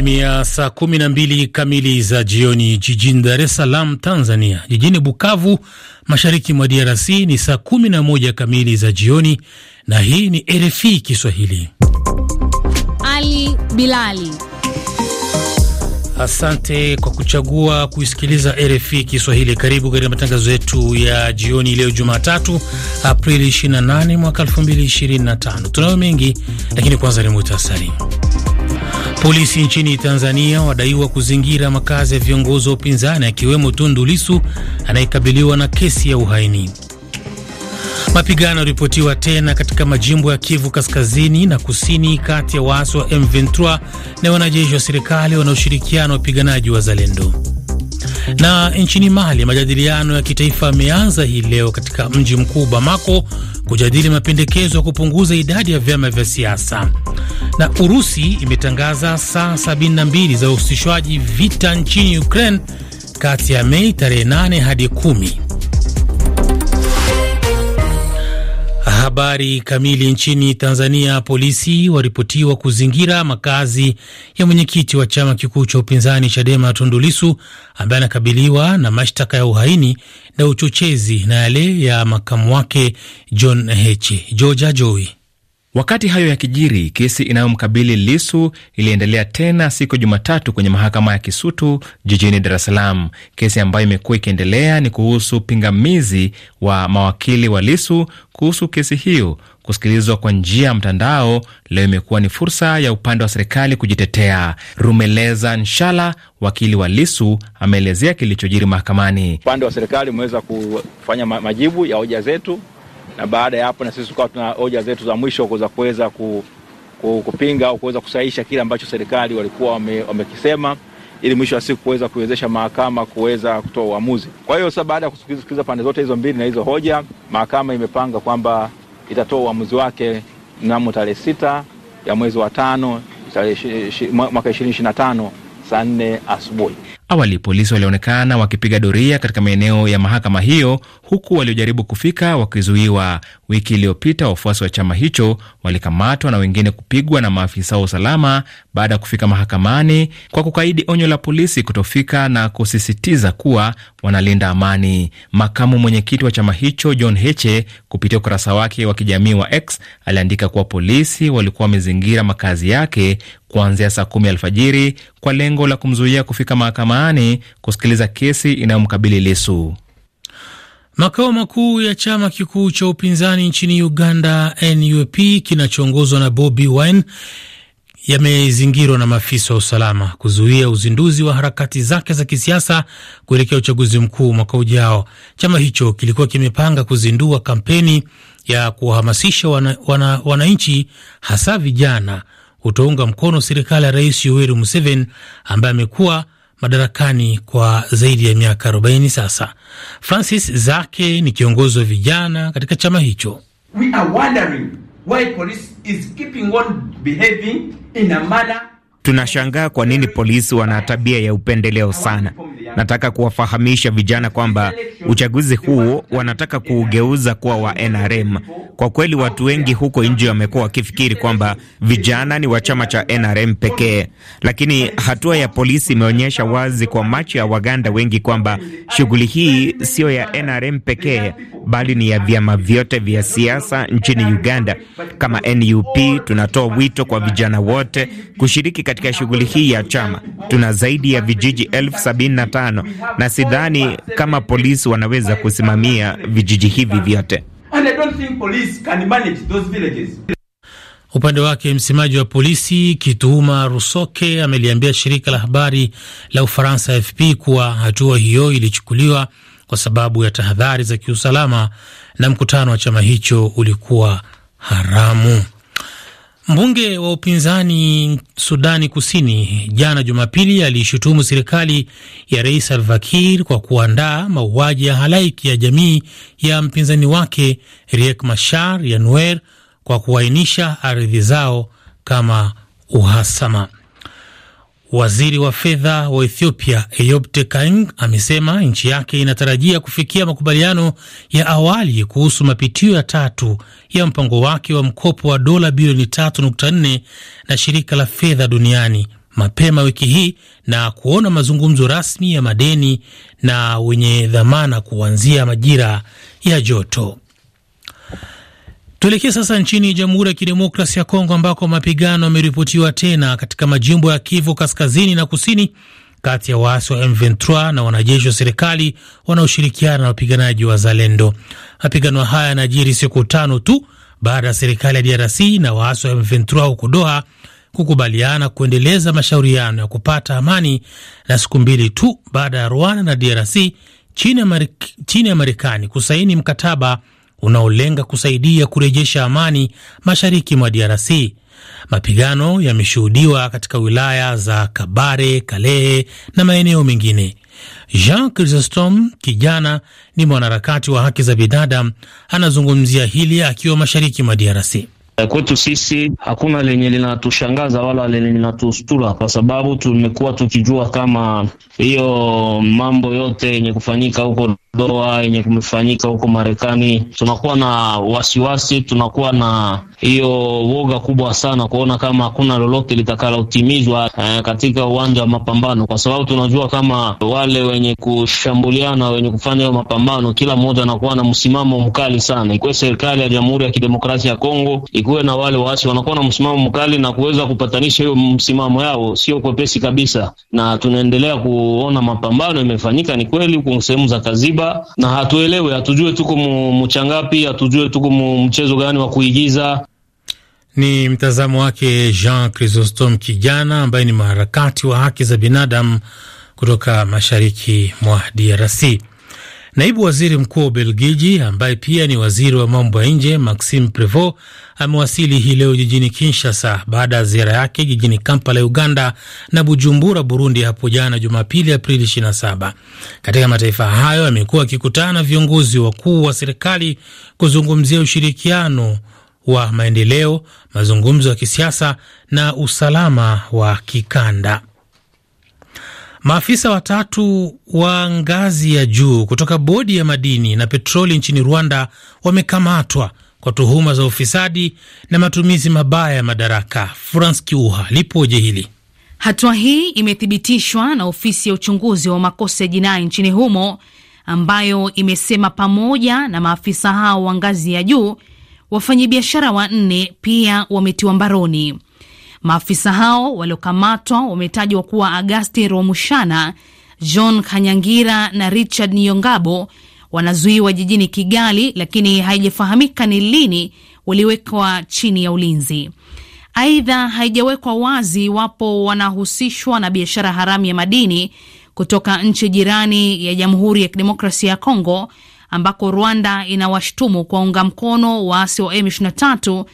imetimia saa kumi na mbili kamili za jioni jijini Dar es Salaam, Tanzania. Jijini Bukavu, mashariki mwa DRC ni saa kumi na moja kamili za jioni, na hii ni RFI Kiswahili. Ali Bilali, asante kwa kuchagua kuisikiliza RFI Kiswahili. Karibu katika matangazo yetu ya jioni leo Jumatatu, Aprili 28 mwaka 2025. Tunayo mengi, lakini kwanza ni muhtasari. Polisi nchini Tanzania wadaiwa kuzingira makazi ya viongozi wa upinzani akiwemo Tundu Lisu anayekabiliwa na kesi ya uhaini. Mapigano yaripotiwa tena katika majimbo ya Kivu Kaskazini na Kusini kati ya waasi wa M23 na wanajeshi wa serikali wanaoshirikiana wapiganaji wa Zalendo. Na nchini Mali, majadiliano ya kitaifa yameanza hii leo katika mji mkuu Bamako kujadili mapendekezo ya kupunguza idadi ya vyama vya siasa. Na Urusi imetangaza saa 72 za uhusishwaji vita nchini Ukraine kati ya Mei tarehe 8 hadi 10. habari kamili. Nchini Tanzania, polisi waripotiwa kuzingira makazi ya mwenyekiti wa chama kikuu cha upinzani Chadema Tundu Lissu ambaye anakabiliwa na mashtaka ya uhaini na uchochezi na yale ya makamu wake John Heche. Georgia joi Wakati hayo yakijiri, kesi inayomkabili Lisu iliendelea tena siku ya Jumatatu kwenye mahakama ya Kisutu jijini Dar es Salaam. Kesi ambayo imekuwa ikiendelea ni kuhusu pingamizi wa mawakili wa Lisu kuhusu kesi hiyo kusikilizwa kwa njia ya mtandao. Leo imekuwa ni fursa ya upande wa serikali kujitetea. Rumeleza Nshala, wakili wa Lisu, ameelezea kilichojiri mahakamani. Upande wa serikali umeweza kufanya majibu ya hoja zetu na baada ya hapo na sisi tukawa tuna hoja zetu za mwisho kuweza kuweza ku, ku, kupinga au kuweza kusaisha kile ambacho serikali walikuwa wamekisema wame ili mwisho wa siku kuweza kuwezesha mahakama kuweza kutoa uamuzi. Kwa hiyo sasa, baada ya kusikiliza pande zote hizo mbili na hizo hoja, mahakama imepanga kwamba itatoa uamuzi wake mnamo tarehe sita ya mwezi wa tano mwaka 2025 saa nne asubuhi. Awali polisi walionekana wakipiga doria katika maeneo ya mahakama hiyo, huku waliojaribu kufika wakizuiwa. Wiki iliyopita wafuasi wa chama hicho walikamatwa na wengine kupigwa na maafisa wa usalama baada ya kufika mahakamani kwa kukaidi onyo la polisi kutofika na kusisitiza kuwa wanalinda amani. Makamu mwenyekiti wa chama hicho John Heche kupitia ukurasa wake wa kijamii wa X aliandika kuwa polisi walikuwa wamezingira makazi yake kuanzia saa kumi alfajiri kwa lengo la kumzuia kufika mahakamani Jumanne kusikiliza kesi inayomkabili Lisu. Makao makuu ya chama kikuu cha upinzani nchini Uganda, NUP, kinachoongozwa na Bobi Wine yamezingirwa na maafisa wa usalama kuzuia uzinduzi wa harakati zake za kisiasa kuelekea uchaguzi mkuu mwaka ujao. Chama hicho kilikuwa kimepanga kuzindua kampeni ya kuwahamasisha wananchi wana, wana hasa vijana kutounga mkono serikali ya Rais Yoweri Museveni ambaye amekuwa madarakani kwa zaidi ya miaka 40 sasa. Francis Zake ni kiongozi wa vijana katika chama hicho. We are wondering why police is keeping on behaving in a manner. Tunashangaa kwa nini polisi wana tabia ya upendeleo sana. Nataka kuwafahamisha vijana kwamba uchaguzi huo wanataka kuugeuza kuwa wa NRM. Kwa kweli watu wengi huko nje wamekuwa wakifikiri kwamba vijana ni wa chama cha NRM pekee, lakini hatua ya polisi imeonyesha wazi kwa macho ya Waganda wengi kwamba shughuli hii siyo ya NRM pekee, bali ni ya vyama vyote vya siasa nchini Uganda. Kama NUP tunatoa wito kwa vijana wote kushiriki katika shughuli hii ya chama. Tuna zaidi ya vijiji elfu sabini na mfano, na sidhani kama polisi wanaweza kusimamia vijiji hivi vyote. Upande wake msemaji wa polisi kituma Rusoke ameliambia shirika la habari la Ufaransa fp kuwa hatua hiyo ilichukuliwa kwa sababu ya tahadhari za kiusalama na mkutano wa chama hicho ulikuwa haramu. Mbunge wa upinzani Sudani Kusini jana Jumapili aliishutumu serikali ya Rais Salva Kiir kwa kuandaa mauaji ya halaiki ya jamii ya mpinzani wake Riek Machar ya Nuer kwa kuainisha ardhi zao kama uhasama. Waziri wa fedha wa Ethiopia Eyob Tekaing amesema nchi yake inatarajia kufikia makubaliano ya awali kuhusu mapitio ya tatu ya mpango wake wa mkopo wa dola bilioni 3.4 na shirika la fedha duniani mapema wiki hii na kuona mazungumzo rasmi ya madeni na wenye dhamana kuanzia majira ya joto. Tuelekee sasa nchini Jamhuri ya Kidemokrasi ya Kongo ambako mapigano yameripotiwa tena katika majimbo ya Kivu kaskazini na kusini kati ya waasi wa M23 na wanajeshi wa serikali wanaoshirikiana na wapiganaji wa Zalendo. Mapigano haya yanajiri siku tano tu baada ya serikali ya DRC na waasi wa M23 huko Doha kukubaliana kuendeleza mashauriano ya kupata amani, na siku mbili tu baada ya Rwanda na DRC chini ya Marekani kusaini mkataba unaolenga kusaidia kurejesha amani mashariki mwa DRC. Mapigano yameshuhudiwa katika wilaya za Kabare, Kalehe na maeneo mengine. Jean Chrysostom kijana ni mwanaharakati wa haki za binadamu, anazungumzia hili akiwa mashariki mwa DRC. Kwetu sisi hakuna lenye linatushangaza wala lenye linatustura, kwa sababu tumekuwa tukijua kama hiyo mambo yote yenye kufanyika huko doa yenye kumefanyika huko Marekani, tunakuwa na wasiwasi, tunakuwa na hiyo woga kubwa sana kuona kama hakuna lolote litakalotimizwa eh, katika uwanja wa mapambano, kwa sababu tunajua kama wale wenye kushambuliana, wenye kufanya hiyo mapambano, kila mmoja anakuwa na msimamo mkali sana. Ikuwe serikali ya Jamhuri ya Kidemokrasia ya Kongo, ikuwe na wale waasi, wanakuwa na msimamo mkali na kuweza kupatanisha hiyo msimamo yao sio kwepesi kabisa, na tunaendelea kuona mapambano imefanyika, ni kweli, huko sehemu za Kaziba Simba na hatuelewe, hatujue tuko mchangapi, hatujue tuko mchezo gani wa kuigiza. Ni mtazamo wake Jean Chrysostome Kijana, ambaye ni mharakati wa haki za binadamu kutoka mashariki mwa DRC. Naibu waziri mkuu wa Ubelgiji ambaye pia ni waziri wa mambo ya nje Maxime Prevot amewasili hii leo jijini Kinshasa baada ya ziara yake jijini Kampala, Uganda na Bujumbura, Burundi hapo jana Jumapili, Aprili 27. Katika mataifa hayo amekuwa akikutana na viongozi wakuu wa serikali kuzungumzia ushirikiano wa maendeleo, mazungumzo ya kisiasa na usalama wa kikanda. Maafisa watatu wa ngazi ya juu kutoka bodi ya madini na petroli nchini Rwanda wamekamatwa kwa tuhuma za ufisadi na matumizi mabaya ya madaraka. fran Kiuha lipoje hili. Hatua hii imethibitishwa na ofisi ya uchunguzi wa makosa ya jinai nchini humo, ambayo imesema pamoja na maafisa hao wa ngazi ya juu, wafanyabiashara wanne pia wametiwa mbaroni. Maafisa hao waliokamatwa wametajwa kuwa Agasti Romushana, John Kanyangira na Richard niongabo Wanazuiwa jijini Kigali, lakini haijafahamika ni lini waliwekwa chini ya ulinzi. Aidha, haijawekwa wazi iwapo wanahusishwa na biashara haramu ya madini kutoka nchi jirani ya Jamhuri ya Kidemokrasia ya Kongo ambako Rwanda inawashtumu kwa unga mkono waasi wa M23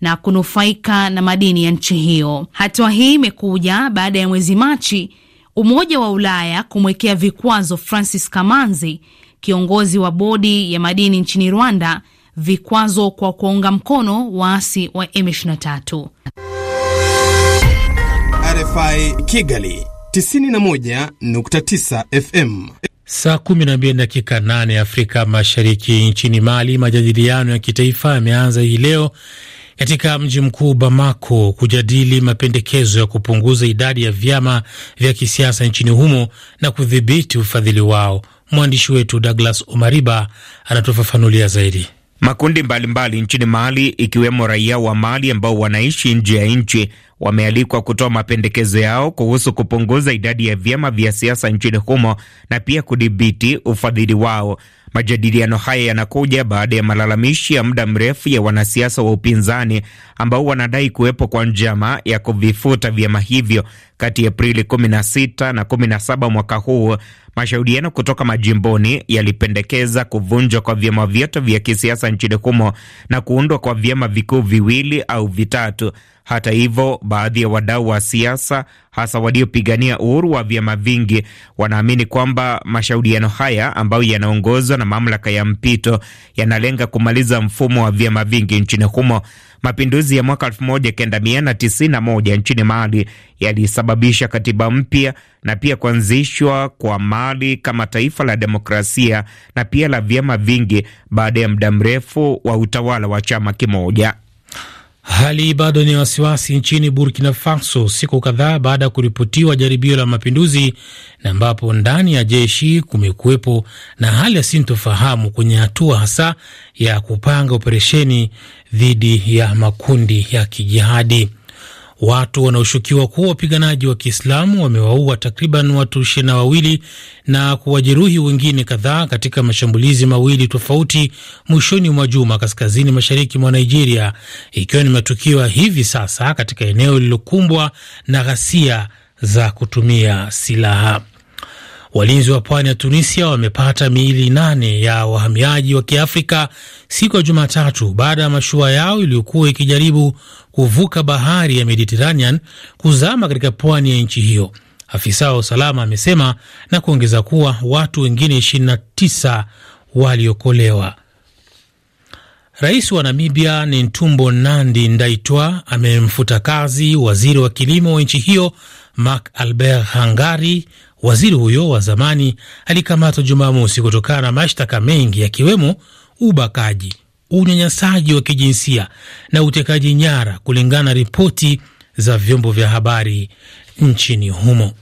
na kunufaika na madini ya nchi hiyo. Hatua hii imekuja baada ya mwezi Machi Umoja wa Ulaya kumwekea vikwazo Francis Kamanzi, kiongozi wa bodi ya madini nchini Rwanda, vikwazo kwa kuunga mkono waasi wa M23. RFI Kigali 91.9 FM. Saa 12 dakika 8 Afrika Mashariki. Nchini Mali, majadiliano ya kitaifa yameanza hii leo katika mji mkuu Bamako kujadili mapendekezo ya kupunguza idadi ya vyama vya kisiasa nchini humo na kudhibiti ufadhili wao. Mwandishi wetu Douglas Omariba anatufafanulia zaidi. Makundi mbalimbali mbali nchini Mali ikiwemo raia wa Mali ambao wanaishi nje ya nchi wamealikwa kutoa mapendekezo yao kuhusu kupunguza idadi ya vyama vya siasa nchini humo na pia kudhibiti ufadhili wao. Majadiliano haya yanakuja baada ya malalamishi ya muda mrefu ya wanasiasa wa upinzani ambao wanadai kuwepo kwa njama ya kuvifuta vyama hivyo kati ya Aprili 16 na 17 mwaka huu mashahudiano kutoka majimboni yalipendekeza kuvunjwa kwa vyama vyote vya kisiasa nchini humo na kuundwa kwa vyama vikuu viwili au vitatu. Hata hivyo, baadhi ya wadau wa siasa, hasa waliopigania uhuru wa vyama vingi, wanaamini kwamba mashahudiano haya ambayo yanaongozwa na mamlaka ya mpito yanalenga kumaliza mfumo wa vyama vingi nchini humo. Mapinduzi ya mwaka 1991 nchini Mali yalisababisha katiba mpya na pia kuanzishwa kwa Mali kama taifa la demokrasia na pia la vyama vingi baada ya muda mrefu wa utawala wa chama kimoja. Hali bado ni wasiwasi nchini Burkina Faso siku kadhaa baada ya kuripotiwa jaribio la mapinduzi, na ambapo ndani ya jeshi kumekuwepo na hali ya sintofahamu kwenye hatua hasa ya kupanga operesheni dhidi ya makundi ya kijihadi. Watu wanaoshukiwa kuwa wapiganaji wa Kiislamu wamewaua takriban watu ishirini na wawili na kuwajeruhi wengine kadhaa katika mashambulizi mawili tofauti mwishoni mwa juma kaskazini mashariki mwa Nigeria, ikiwa ni matukio ya hivi sasa katika eneo lililokumbwa na ghasia za kutumia silaha. Walinzi wa pwani ya Tunisia wamepata miili nane ya wahamiaji wa kiafrika siku ya Jumatatu baada ya mashua yao iliyokuwa ikijaribu kuvuka bahari ya Mediterranean kuzama katika pwani ya nchi hiyo, afisa wa usalama amesema, na kuongeza kuwa watu wengine 29 waliokolewa. Rais wa Namibia Netumbo Nandi Ndaitwa amemfuta kazi waziri wa kilimo wa nchi hiyo Mark Albert Hangari Waziri huyo wa zamani alikamatwa Jumamosi kutokana na mashtaka mengi yakiwemo ubakaji, unyanyasaji wa kijinsia na utekaji nyara, kulingana na ripoti za vyombo vya habari nchini humo.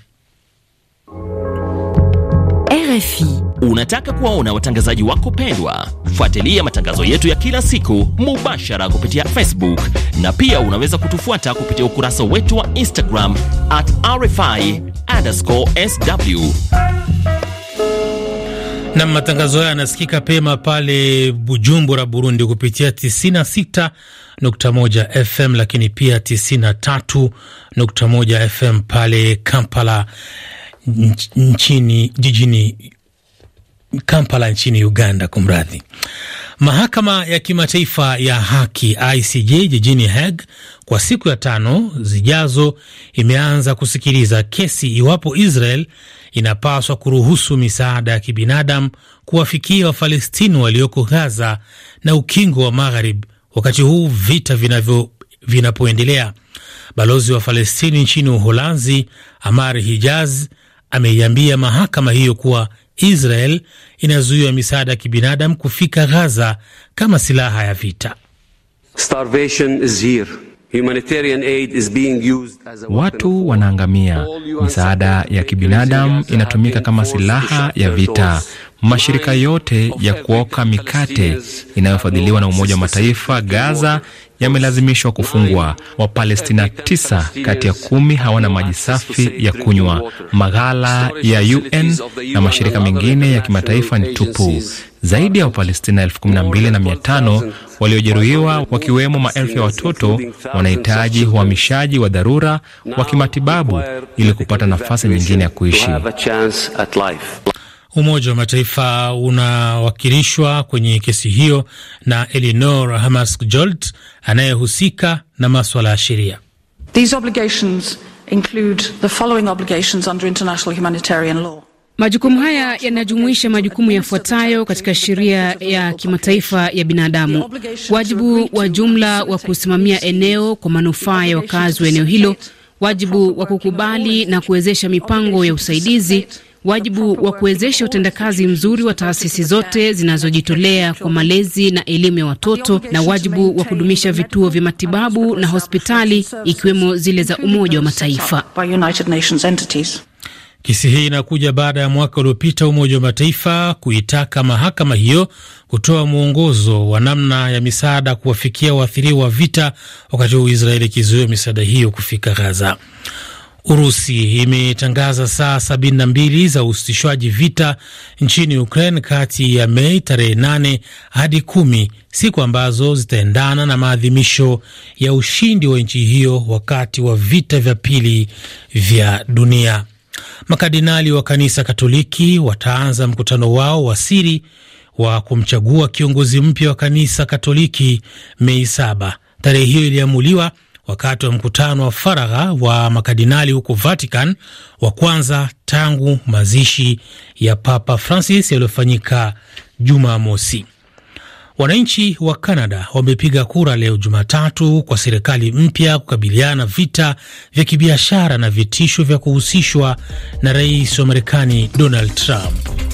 RFI Unataka kuwaona watangazaji wako pendwa? Fuatilia matangazo yetu ya kila siku mubashara kupitia Facebook na pia unaweza kutufuata kupitia ukurasa wetu wa Instagram at RFI underscore sw. Na matangazo haya yanasikika pema pale Bujumbura, Burundi, kupitia 96.1 FM, lakini pia 93.1 FM pale Kampala nchini jijini Kampala nchini Uganda. Kumradhi. Mahakama ya Kimataifa ya Haki ICJ jijini Hague kwa siku ya tano zijazo imeanza kusikiliza kesi iwapo Israel inapaswa kuruhusu misaada ya kibinadamu kuwafikia Wafalestini walioko Gaza na Ukingo wa magharib wakati huu vita vinavyo vinapoendelea. Balozi wa Falestini nchini Uholanzi Amar Hijaz ameiambia mahakama hiyo kuwa Israel inazuiwa misaada ya kibinadamu kufika Gaza kama silaha ya vita. Starvation is here. Humanitarian aid is being used as a watu wanaangamia. Misaada ya kibinadamu inatumika kama silaha ya vita mashirika yote ya kuoka mikate inayofadhiliwa na Umoja wa Mataifa Gaza yamelazimishwa kufungwa. Wapalestina tisa kati ya kumi hawana maji safi ya kunywa. Maghala ya UN na mashirika mengine ya kimataifa ni tupu. Zaidi ya Wapalestina elfu kumi na mbili na mia tano waliojeruhiwa wakiwemo maelfu ya watoto wanahitaji uhamishaji wa dharura wa kimatibabu ili kupata nafasi nyingine ya kuishi. Umoja wa Mataifa unawakilishwa kwenye kesi hiyo na Elinor jolt anayehusika na maswala ya sheria. Majukumu haya yanajumuisha majukumu yafuatayo katika sheria ya kimataifa ya binadamu: wajibu wa jumla wa kusimamia eneo kwa manufaa ya wakazi wa eneo hilo, wajibu wa kukubali na kuwezesha mipango ya usaidizi wajibu wa kuwezesha utendakazi mzuri wa taasisi zote zinazojitolea kwa malezi na elimu ya watoto, na wajibu wa kudumisha vituo vya matibabu na hospitali ikiwemo zile za Umoja wa Mataifa. Kesi hii inakuja baada ya mwaka uliopita Umoja wa Mataifa kuitaka mahakama hiyo kutoa mwongozo wa namna ya misaada kuwafikia waathiriwa wa vita, wakati huu Israeli ikizuia misaada hiyo kufika Gaza. Urusi imetangaza saa mbili za usitishwaji vita nchini Ukraine kati ya Mei tarehe 8 hadi kumi, siku ambazo zitaendana na maadhimisho ya ushindi wa nchi hiyo wakati wa vita vya pili vya dunia. Makardinali wa kanisa Katoliki wataanza mkutano wao wa siri wa kumchagua kiongozi mpya wa kanisa Katoliki Mei saba. Tarehe hiyo iliamuliwa wakati wa mkutano wa faragha wa makardinali huko Vatican, wa kwanza tangu mazishi ya Papa Francis yaliyofanyika Jumamosi. Wananchi wa canada wamepiga kura leo Jumatatu kwa serikali mpya kukabiliana na vita vya kibiashara na vitisho vya kuhusishwa na rais wa Marekani Donald Trump.